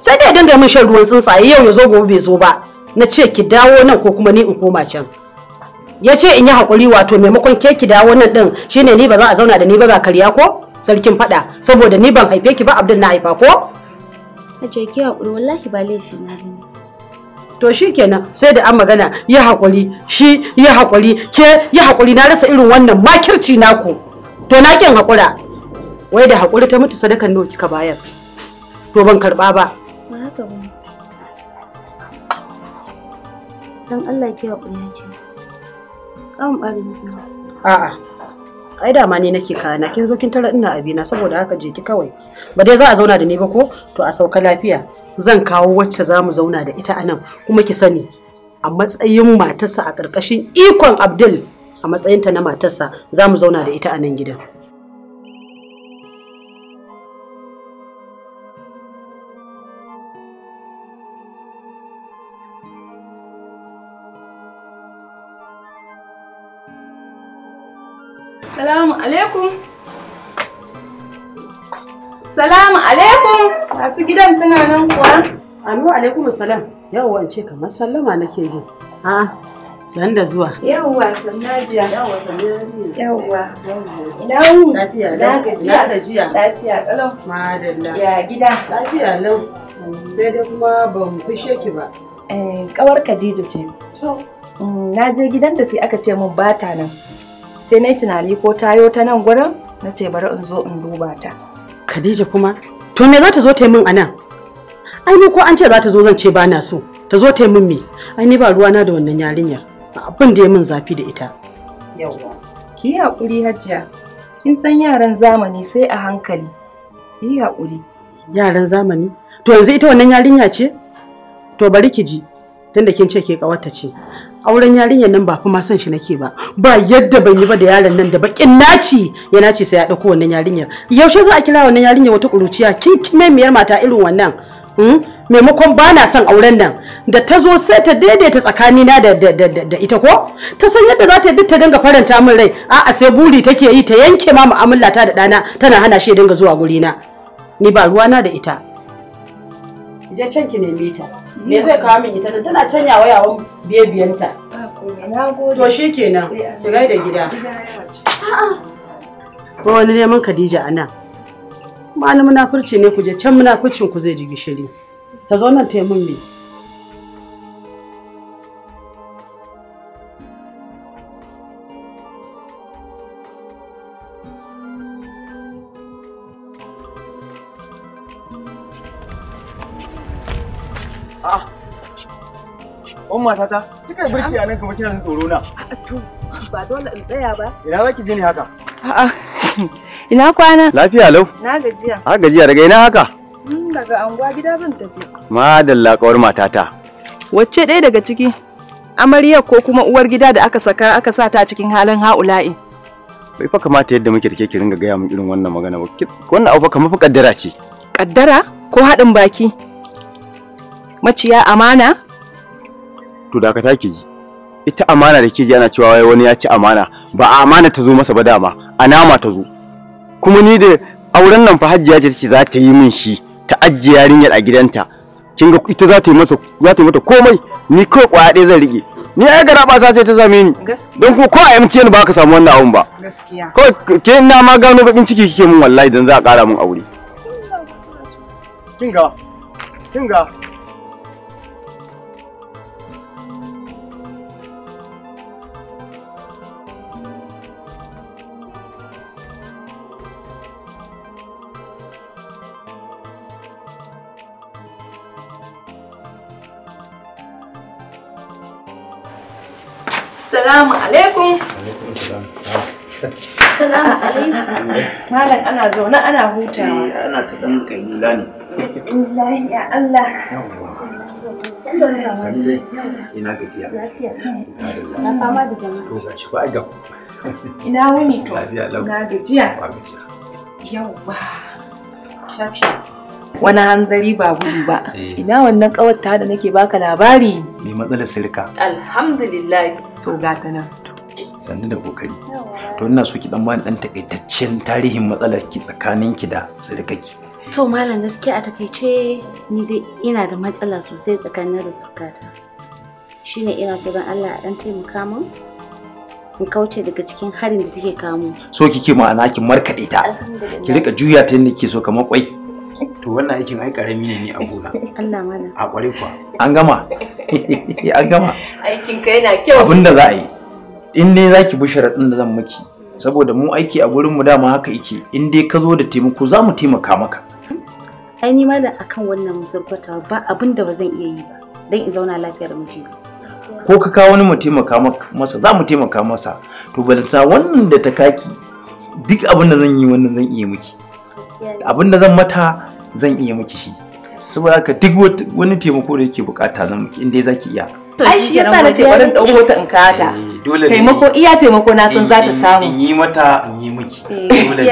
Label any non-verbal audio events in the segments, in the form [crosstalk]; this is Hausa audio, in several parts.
sai dai dinga min shan ruwan tsuntsaye yau ya zo gobe bai zo ba na ce ki dawo nan ko kuma ni in koma can ya ce in yi hakuri wato maimakon ke ki dawo nan din shine ni ba za a zauna da ni ba ba karya ko sarkin faɗa saboda ni ban haife ki ba abdul na haifa ko Aje ki haƙuri wallahi ba laifi na To shi sai da an magana ya haƙuri shi ya haƙuri ke ya hakuri na rasa irin wannan makirci naku. To na kin haƙura. Wai da hakuri ta mutu sadakan nawa kika bayar. to ban karba ba Allah ke hakuri ce kan bari a'a ai da ma ne nake Na kin zo kin tara ina abina saboda haka je ki kawai ba dai za a zauna da ni ba ko to a sauka lafiya zan kawo wacce za mu zauna da ita anan kuma ki sani a matsayin matarsa a ƙarƙashin ikon abdul a matsayinta na matarsa za mu zauna da ita a nan gidan Salamu alaikum. Salamu alaikum. Masu gidan suna nan kuwa? Anu alaikum salam. Yawwa in ce kamar sallama nake ji. A san da zuwa. Yawwa sannajiya. Yawwa sannajiya. Yawwa. Lawu. Lafiya. Lafiya. Lafiya. Lafiya kalau. Madalla. Ya gida. Lafiya lau. Sai dai kuma ban fushe ki ba. Eh kawar Khadija ce. To. Mm, na je gidan da sai aka ce mun bata nan. sai na yi tunani ko tayo ta nan gurin na ce bari in zo in duba ta khadija kuma to me za ta zo ta yi min a nan ai ni ko an ce za ta zo zan ce ba na so ta zo ta min me ai ni ba ruwa na da wannan yarinyar abin da ya min zafi da ita yawwa ki yi haƙuri hajiya kin san yaran zamani sai a hankali yi haƙuri yaran zamani to yanzu ita wannan yarinya ce to bari ki ji tunda kin ce ke kawarta ce auren yarinyar nan ba fa ma son shi nake ba ba yadda ban yi ba da yaron nan da bakin naci ya nace sai ya dauko wannan yarinyar yaushe za a kira wannan yarinyar wata kuruciya kin miyar mata irin wannan hmm? maimakon ba na son auren nan da ta zo sai ta daidaita tsakanina da, da, ita ko ta san yadda za ta duk ta dinga faranta min rai a'a sai buri take yi ta yanke ma mu'amala ta da ɗana tana hana shi ya dinga zuwa na ni ba ruwana da ita je can ki neme ta me zai kawo min ita tana can yawa yawan bebiyanta to shi kenan ki da gida ko wani neman Khadija a nan malamin munafurci ne ku je can munafurcin ku zai ji gishiri ta zo nan ta yi min me Ah. Wan matata, kika yi kina ah, To, ba dole in tsaya ba. Ina za je ne haka? A'a. Ina kwana? Lafiya lau. Na gajiya. A gajiya daga ina haka? Hmm, daga anguwa gida zan tafi. Madalla kawar matata. Wacce ɗaya daga ciki? Amaryar ko kuma uwar gida da aka saka aka sa ta cikin halin ha'ula'i. Bai fa kamata yadda muke da ki ringa gaya min irin wannan magana ba. Wannan abu fa kamar fa kaddara ce. Kaddara ko haɗin baki? maciya amana? To da ka ji. Ita amana da ke ji ana cewa wani ya ci amana ba a amana ta zo masa ba dama a nama ta zo. Kuma ni da auren nan fa hajjiya ce ce za ta yi min shi ta ajiye yarinyar a gidanta. Kin ga ita za ta yi masa za ta yi mata komai ni kawai kwaya ɗaya zan rike. Ni ai gara ba ce ta same ni. Don kuma ko a MTN ba ka samu wannan abun ba. Gaskiya. Ko ke na ma gano bakin ciki kike min wallahi dan za a ƙara min aure. Kin ga? Kin ga? Assalamu alaikum. Assalamu alaikum. Malam ana zaune ana hutawa. Eh ana ta dan kayyula ne. Bismillah ya Allah. Sallai. Ina gajiya. Lafiya. Na fama da jama'a. To gashi ba ga. Ina wuni to. Lafiya lau. Na gajiya. Ba gajiya. Yawwa. Shaf wani hanzari ba gudu ba eh. ina wannan kawata da nake baka labari mai matsalar sirka alhamdulillah to gata nan sannu da kokari to ina so ki dan bani dan takaitaccen tarihin matsalar ki tsakanin ki da sirkaki to malam gaskiya a takaice ni dai ina da matsala sosai tsakanin da surkata shine ina so dan Allah a dan taimaka min in kauce daga cikin harin da suke kamo so kike ma'ana ki markaɗe ta ki rika juya ta yadda kike so kamar kwai to wannan aikin ai karami ne ni a gona [laughs] Allah mana a kware kuwa an gama [laughs] an gama aikin ka yana kyau abinda za a yi in dai zaki bi sharaɗin da zan miki saboda mu aiki a gurin mu dama haka yake in dai ka zo da taimako za mu taimaka maka ai ni malam akan wannan musulfata ba abin da ba zan iya yi ba dan in zauna lafiyar miji ko ka kawo wani mu taimaka masa za mu taimaka masa to balanta wannan da ta kaki duk abin da zan yi wannan zan iya miki abin da zan mata zan iya miki shi saboda haka duk wani taimako da yake bukata zan miki inda zaki iya ai shi yasa na ce barin dauko ta in kata eh, taimako iya taimako na san za ta samu in yi mata in yi miki eh, dole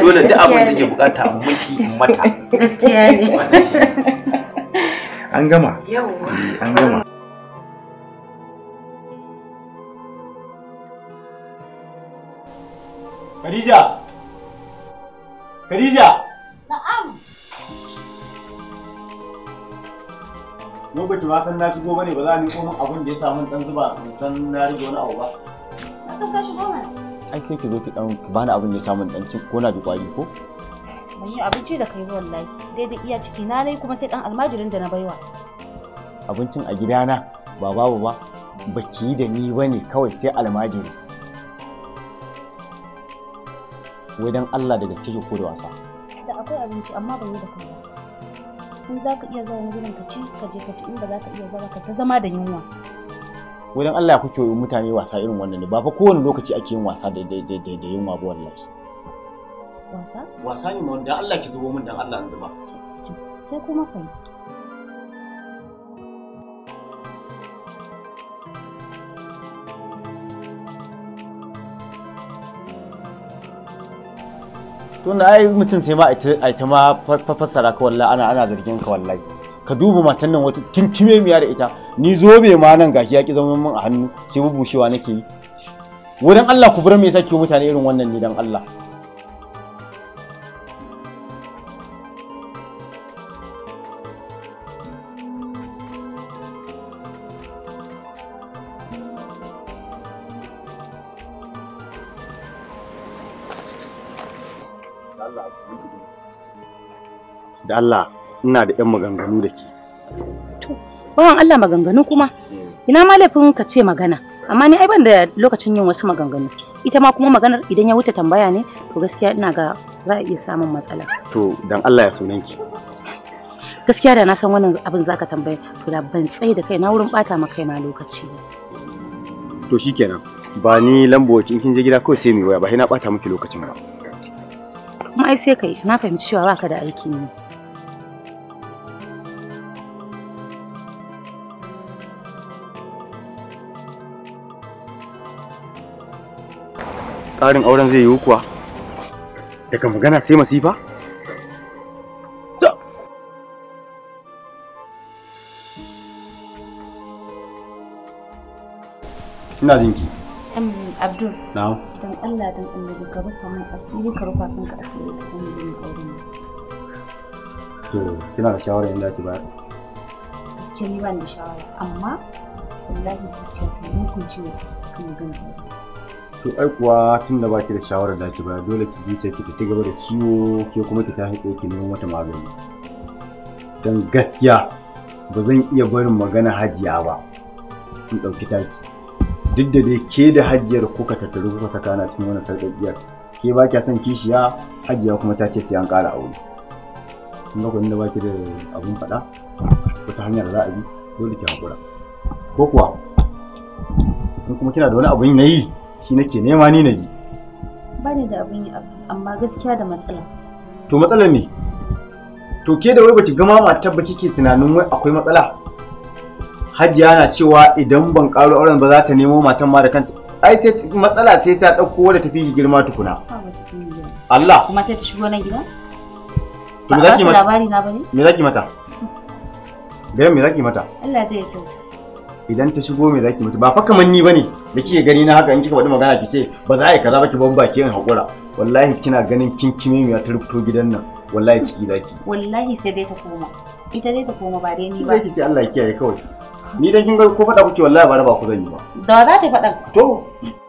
dole duk abin da ke bukata in miki in mata gaskiya ne an gama yauwa eh, an gama Khadija Khadija! Na'am. Yau ba san na shigo bane ba za ni komai abin da ya samu dan zuba san na rige wani abu ba. Na san ka shigo mana. Ai sai ki zo ki dan ba ni abin da ya samu dan cin ko na ji kwari ko? mun yi abinci da kai wallahi. Daidai iya ciki na nayi kuma sai dan almajirin da na baiwa. Abincin a gidana ba babu ba. Baki da ni bane kawai sai almajiri. wai dan Allah daga sirri ko da wasa da akwai abinci amma ba yi da kai in za ka iya zama gurin ka ci ka je ka ci in ba za ka iya zama ka ta zama da yunwa wai dan Allah kuke yi mutane wasa irin wannan ne ba fa kowane lokaci ake yin wasa da da yunwa ba wallahi wasa wasa ne ma wanda Allah ki zubo min dan Allah ya zuba sai kuma kai to na ai mutum sai ma a ta ma fassara ka wallahi ana ana zargin ka wallahi ka duba matan nan wata tintime miya da ita ni zobe ma nan gashi ya ki zama min a hannu sai bushewa nake yi wurin Allah ku bar me yasa ki mutane irin wannan ne dan Allah da Allah ina da 'yan maganganu da ke. To, bawan Allah maganganu kuma? Eh. Ina ma laifin ka ce magana, amma ni ai ban da lokacin yin wasu maganganu. Ita ma kuma maganar idan ya wuce tambaya ne, to gaskiya ina ga za a iya samun matsala. To, dan Allah ya sunan ki. Gaskiya da na san wannan abin zaka tambaye, to da ban tsaye da kai na wurin bata ma kai ma lokaci ba. To shikenan, ba ni lambo kin kin je gida kawai sai mu waya ba, sai na bata miki lokacin ba. Kuma ai sai kai, na fahimci cewa baka da aiki ne. tsarin auren zai yiwu kuwa daga magana sai masifa ina jinki abdul na don allah don annabi ka rufa min asiri ka rufa kanka asiri ka kuma yin aure ne to kina da shawara inda ki ba gaskiya ni ban da shawara amma wallahi zuciya ta mukunci ne kan gani to ai kuwa tun da baki da shawarar da ki ba dole ki bi ki ci gaba da ciwo ke kuma ki tashi tsaye ki neman wata magani don gaskiya ba zan iya barin magana hajiya ba in ɗauki taki duk da dai ke da hajiyar kuka tattaru kuka saka na cikin wani sarƙaƙiyar ke ba kya son kishiya hajiya kuma ta ce sai an ƙara aure kun ga da baki da abun faɗa wata hanyar za a bi dole ki haƙura ko kuwa kuma kina da wani yi na yi shi nake nema ni na ji ba ni da abin yi amma gaskiya da matsala to matsala ne to ke da wai baki gama ma tabba kike tunanin wai akwai matsala hajiya na cewa idan ban karo auren ba za ta nemo matan ma da kanta ai sai matsala sai ta ɗauko wadda tafi girma tukuna Allah kuma sai ta shigo nan gida to me zaki mata me zaki mata me zaki mata Allah zai kyau idan ta shigo me zaki mutu ba fa kamar ni bane da kike gani na haka in kika faɗi magana ki ce ba za a yi kaza ba ki ban ki yin haƙura wallahi kina ganin kin kime ta rubuto gidan nan wallahi ciki zaki wallahi sai dai ta koma ita dai ta koma ba dai ni ba ki ce Allah ya kiyaye kawai ni dan kin ga ko faɗa kuke wallahi ba ba ku zan yi ba da za ta faɗa to